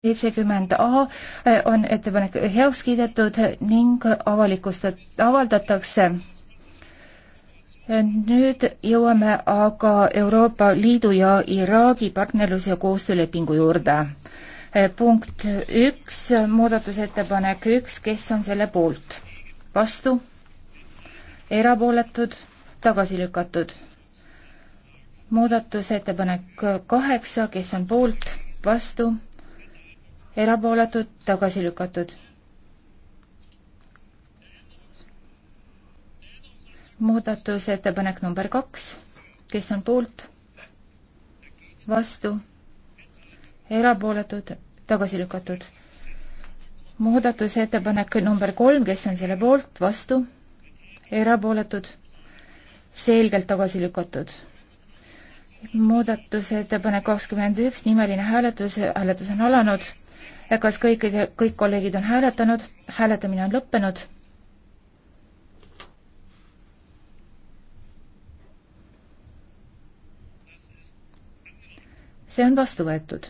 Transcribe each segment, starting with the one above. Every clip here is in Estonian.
seitsekümmend A eh, on ettepanek heaks kiidetud ning avalikustat-, avaldatakse. nüüd jõuame aga Euroopa Liidu ja Iraagi partnerlus- ja koostöölepingu juurde. Eh, punkt üks, muudatusettepanek üks, kes on selle poolt? vastu? erapooletud? tagasi lükatud? muudatusettepanek kaheksa, kes on poolt? vastu? erapooletud, tagasi lükatud. muudatusettepanek number kaks, kes on poolt, vastu, erapooletud, tagasi lükatud. muudatusettepanek number kolm, kes on selle poolt, vastu, erapooletud, selgelt tagasi lükatud muudatusettepanek kakskümmend üks, nimeline hääletus, hääletus on alanud kas kõikide, kõik kolleegid on hääletanud? hääletamine on lõppenud. see on vastu võetud.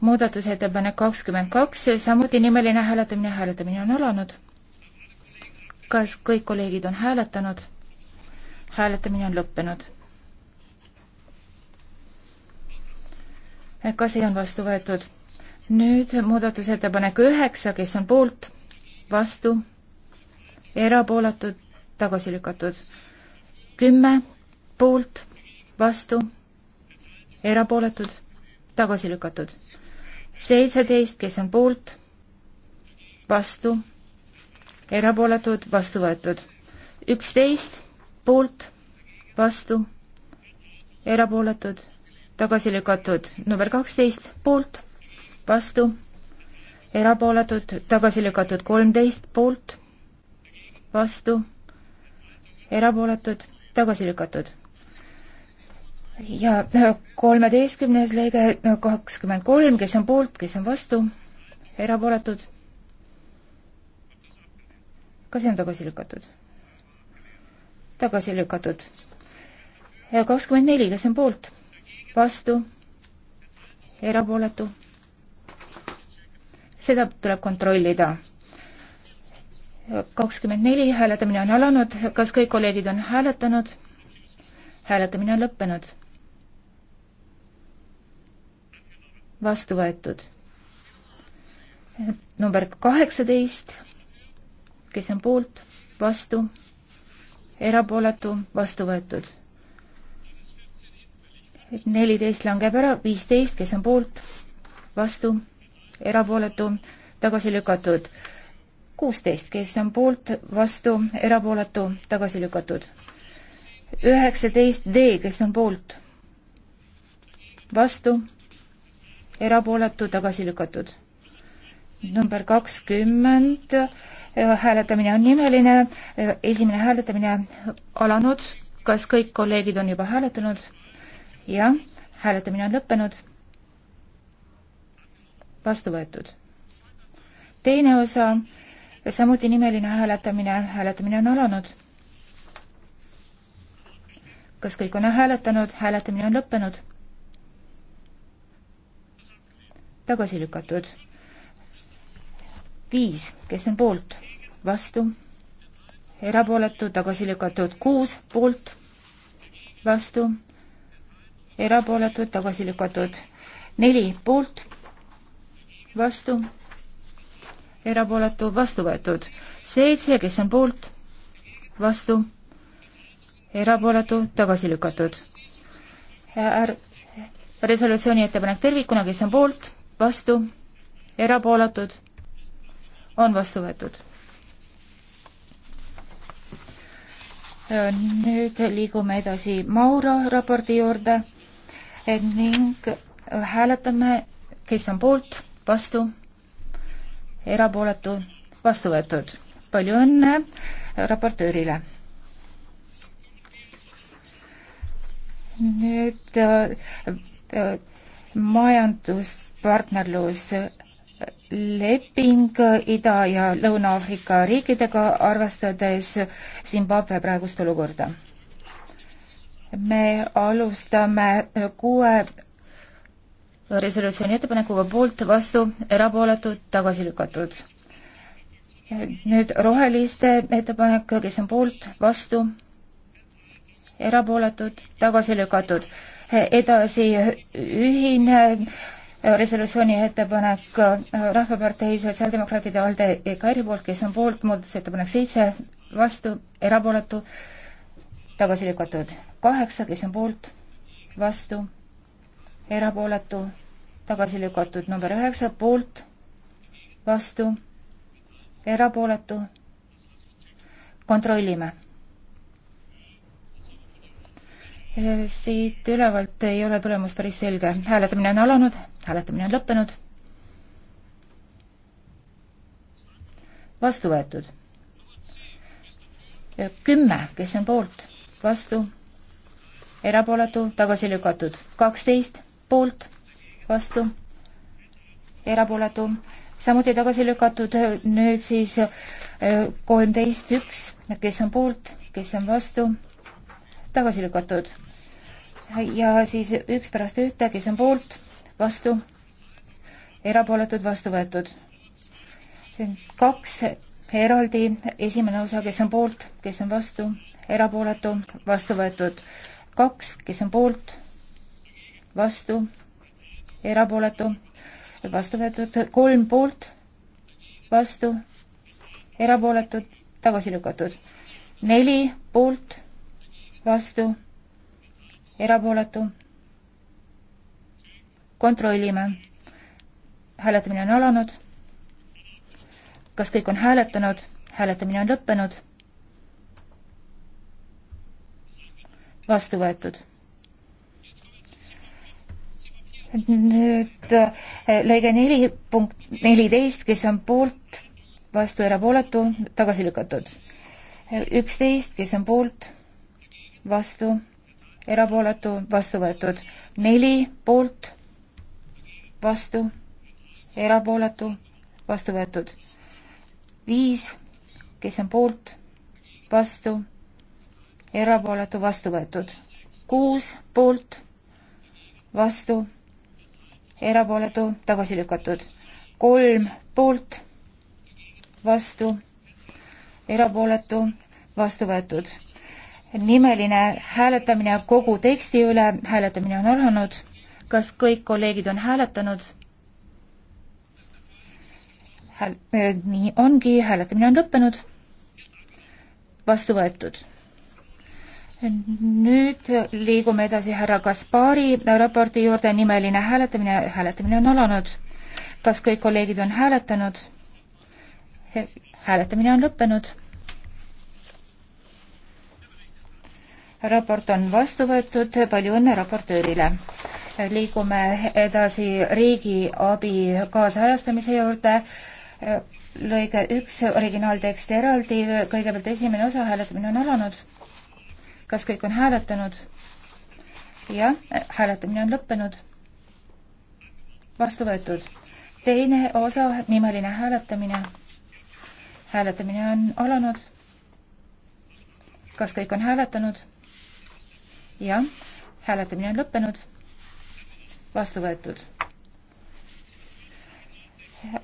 muudatusettepanek kakskümmend kaks, samuti nimeline hääletamine, hääletamine on alanud. kas kõik kolleegid on hääletanud? hääletamine on lõppenud ka see on vastu võetud. nüüd muudatusettepanek üheksa, kes on poolt, vastu, erapooletud, tagasi lükatud. kümme, poolt, vastu, erapooletud, tagasi lükatud. seitseteist, kes on poolt, vastu, erapooletud, vastu võetud. üksteist, poolt, vastu, erapooletud tagasi lükatud number kaksteist poolt, vastu, erapooletud, tagasi lükatud kolmteist poolt, vastu, erapooletud, tagasi lükatud. ja äh, kolmeteistkümnes lõige kakskümmend kolm, kes on poolt, kes on vastu, erapooletud, ka see on tagasi lükatud. tagasi lükatud. kakskümmend neli, kes on poolt vastu, erapooletu. seda tuleb kontrollida. kakskümmend neli, hääletamine on alanud, kas kõik kolleegid on hääletanud? hääletamine on lõppenud. vastu võetud. number kaheksateist, kes on poolt, vastu, erapooletu, vastu võetud neliteist langeb ära, viisteist, kes on poolt, vastu, erapooletu, tagasi lükatud. kuusteist, kes on poolt, vastu, erapooletu, tagasi lükatud. üheksateist D, kes on poolt, vastu, erapooletu, tagasi lükatud. number kakskümmend, eh, hääletamine on nimeline, eh, esimene hääletamine alanud, kas kõik kolleegid on juba hääletanud? jah, hääletamine on lõppenud. vastu võetud. teine osa, samuti nimeline hääletamine, hääletamine on alanud. kas kõik on hääletanud, hääletamine on lõppenud? tagasi lükatud. viis, kes on poolt, vastu, erapooletu, tagasi lükatud, kuus poolt, vastu erapooletud, tagasi lükatud. neli poolt, vastu, erapooletu, vastu võetud. seitse, kes on poolt, vastu, erapooletu, tagasi lükatud. resolutsiooni ettepanek tervikuna, kes on poolt, vastu, erapooletud, on vastu võetud. nüüd liigume edasi Mauro raporti juurde ning äh, hääletame, kes on poolt, vastu, erapooletu, vastu võetud. palju õnne raportöörile. nüüd äh, äh majanduspartnerlus leping Ida- ja Lõuna-Aafrika riikidega, arvestades Zimbabwe praegust olukorda me alustame kuue resolutsiooni ettepanekuga poolt, vastu, erapooletud, tagasi lükatud. nüüd roheliste ettepanek, kes on poolt, vastu, erapooletud, tagasi lükatud. edasi ühine resolutsiooni ettepanek Rahvapartei Sotsiaaldemokraatide ALDE EKR-i poolt, kes on poolt, muudatusettepanek seitse, vastu, erapooletu, tagasi lükatud kaheksa, kes on poolt, vastu, erapooletu, tagasi lükatud. number üheksa, poolt, vastu, erapooletu. kontrollime. siit ülevalt ei ole tulemus päris selge. hääletamine on alanud, hääletamine on lõppenud. vastu võetud. kümme, kes on poolt, vastu erapooletu, tagasi lükatud. kaksteist poolt, vastu, erapooletu, samuti tagasi lükatud, nüüd siis äh, kolmteist üks, kes on poolt, kes on vastu, tagasi lükatud. ja siis üks pärast ühte, kes on poolt, vastu, erapooletud, vastu võetud. kaks eraldi, esimene osa, kes on poolt, kes on vastu, erapooletu, vastu võetud kaks, kes on poolt, vastu, erapooletu, vastu võetud, kolm poolt, vastu, erapooletud, tagasi lükatud, neli poolt, vastu, erapooletu. kontrollime. hääletamine on alanud. kas kõik on hääletanud? hääletamine on lõppenud vastu võetud. nüüd äh, lõige neli punkt neliteist, kes on poolt, vastu, erapooletu, tagasi lükatud. üksteist, kes on poolt, vastu, erapooletu, vastu võetud. neli poolt, vastu, erapooletu, vastu võetud. viis, kes on poolt, vastu erapooletu vastu võetud. kuus poolt, vastu, erapooletu tagasi lükatud. kolm poolt, vastu, erapooletu vastu võetud. nimeline hääletamine kogu teksti üle, hääletamine on alanud. kas kõik kolleegid on hääletanud? hääl-, äh, nii ongi, hääletamine on lõppenud, vastu võetud nüüd liigume edasi härra Kaspari raporti juurde, nimeline hääletamine, hääletamine on alanud. kas kõik kolleegid on hääletanud? hääletamine on lõppenud. raport on vastu võetud, palju õnne raportöörile. liigume edasi riigiabi kaasajastamise juurde lõige üks, originaaltekst eraldi, kõigepealt esimene osa, hääletamine on alanud kas kõik on hääletanud? jah, hääletamine on lõppenud. vastu võetud. teine osa, nimeline hääletamine. hääletamine on alanud. kas kõik on hääletanud? jah, hääletamine on lõppenud. vastu võetud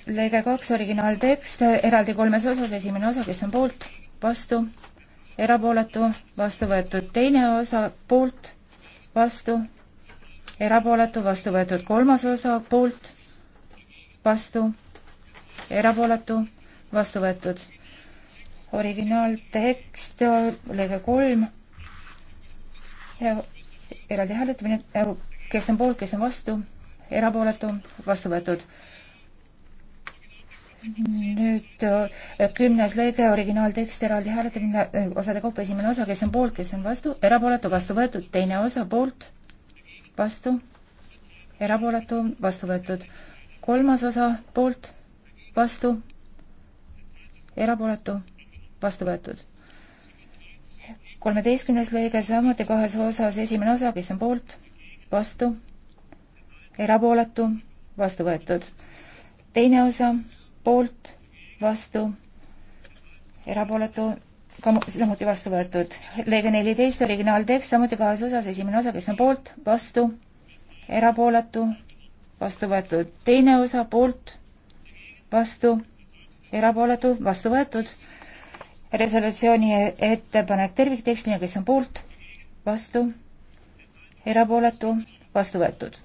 lõige kaks originaaltekst eraldi kolmes osas, esimene osa, kes on poolt, vastu, erapooletu, vastu võetud teine osa poolt, vastu, erapooletu, vastu võetud kolmas osa poolt, vastu, erapooletu, vastu võetud. originaaltekst lõige kolm. eraldi hääletamine, kes on poolt, kes on vastu, erapooletu, vastu võetud nüüd äh, kümnes lõige, originaaltekst, eraldi hääletamine äh, osade kaupa, esimene osa, kes on poolt, kes on vastu, erapooletu, vastu võetud, teine osa poolt, vastu, erapooletu, vastu võetud, kolmas osa poolt, vastu, erapooletu, vastu võetud. kolmeteistkümnes lõige samuti kahes osas, esimene osa, kes on poolt, vastu, erapooletu, vastu võetud. teine osa poolt, vastu, erapooletu, ka samuti vastu võetud. lõige neliteist, originaaltekst, samuti kahes osas, esimene osa, kes on poolt, vastu, erapooletu, vastu võetud. teine osa poolt, vastu, erapooletu, vastu võetud. resolutsiooni ettepanek terviktekstina, kes on poolt, vastu, erapooletu, vastu võetud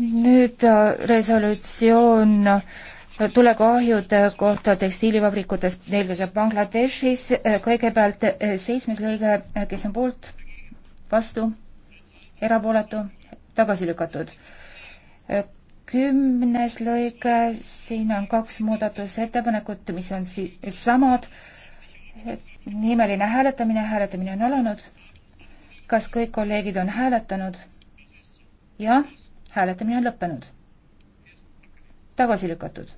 nüüd äh, resolutsioon äh, tulekahjude kohta tekstiilivabrikutes, eelkõige Bangladeshis, äh, kõigepealt seitsmes lõige, kes on poolt, vastu, erapooletu, tagasi lükatud. kümnes lõige, siin on kaks muudatusettepanekut, mis on si-, samad, nimeline hääletamine, hääletamine on alanud, kas kõik kolleegid on hääletanud? jah hääletamine on lõppenud. tagasi lükatud.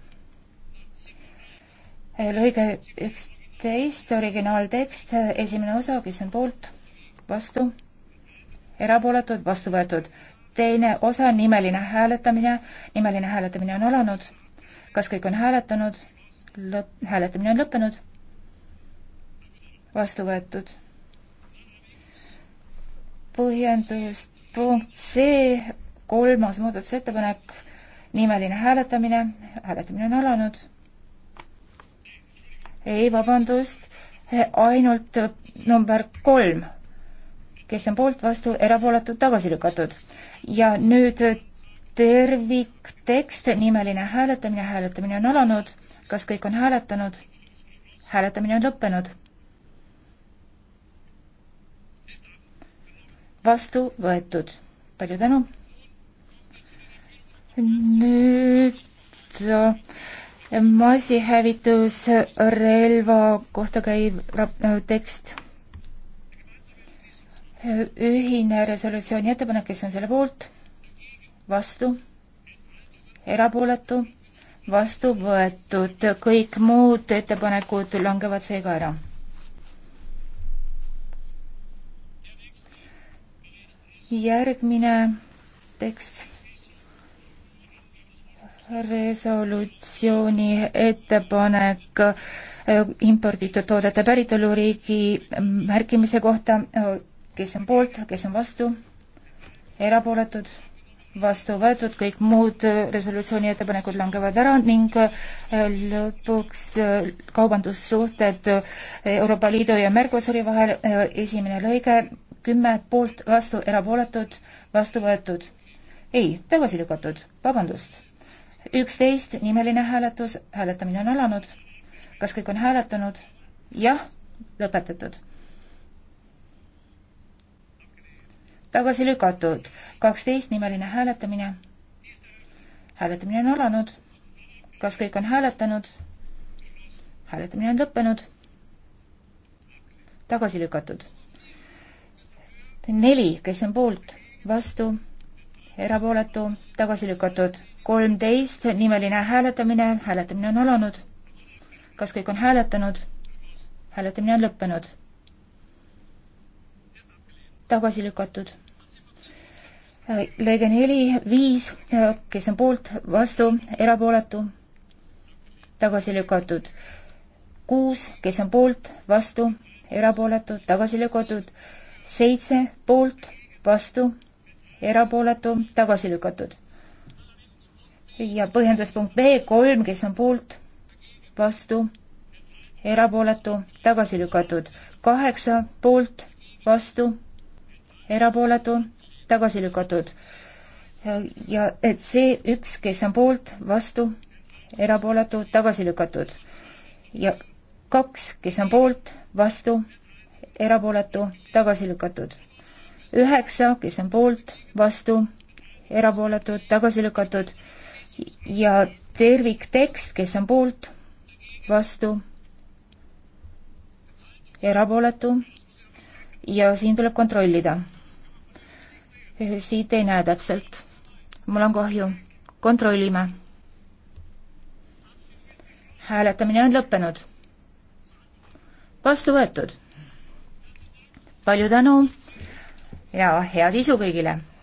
Äh, lõige üksteist, originaaltekst, esimene osa, kes on poolt, vastu, erapooletud, vastu võetud. teine osa, nimeline hääletamine, nimeline hääletamine on alanud. kas kõik on hääletanud? lõpp, hääletamine on lõppenud. vastu võetud. põhjendus punkt C kolmas muudatusettepanek, nimeline hääletamine, hääletamine on alanud. ei, vabandust, ainult äh, number kolm, kes on poolt, vastu, erapooletud, tagasi lükatud. ja nüüd äh, terviktekst, nimeline hääletamine, hääletamine on alanud. kas kõik on hääletanud? hääletamine on lõppenud. vastu võetud. palju tänu! nüüd äh, massihävitusrelva kohta käiv äh, tekst. ühine resolutsiooni ettepanek, kes on selle poolt? vastu? erapooletu? vastu võetud, kõik muud ettepanekud langevad seega ära. järgmine tekst resolutsiooni ettepanek äh, imporditud toodete päritoluriigi mm, märkimise kohta, äh, kes on poolt, kes on vastu, erapooletud, vastu võetud, kõik muud äh, resolutsiooni ettepanekud langevad ära ning lõpuks kaubandussuhted Euroopa Liidu ja Mercosuri vahel, esimene lõige, kümme poolt, vastu, erapooletud, vastu võetud. ei, tagasi lükatud, vabandust üksteist, nimeline hääletus, hääletamine on alanud. kas kõik on hääletanud? jah, lõpetatud. tagasi lükatud, kaksteist, nimeline hääletamine. hääletamine on alanud. kas kõik on hääletanud? hääletamine on lõppenud. tagasi lükatud. neli, kes on poolt, vastu, erapooletu, tagasi lükatud kolmteist, nimeline hääletamine, hääletamine on alanud. kas kõik on hääletanud? hääletamine on lõppenud. tagasi lükatud. lõige neli, viis, kes on poolt, vastu, erapooletu, tagasi lükatud. kuus, kes on poolt, vastu, erapooletu, tagasi lükatud. seitse, poolt, vastu, erapooletu, tagasi lükatud ja põhjenduspunkt B kolm, kes on poolt, vastu, erapooletu, tagasi lükatud. kaheksa poolt, vastu, erapooletu, tagasi lükatud. ja et C üks, kes on poolt, vastu, erapooletu, tagasi lükatud. ja kaks, kes on poolt, vastu, erapooletu, tagasi lükatud. üheksa, kes on poolt, vastu, erapooletud, tagasi lükatud ja terviktekst, kes on poolt, vastu, erapooletu ja siin tuleb kontrollida. siit ei näe täpselt. mul on kahju. kontrollime. hääletamine on lõppenud. vastu võetud. palju tänu ja head isu kõigile!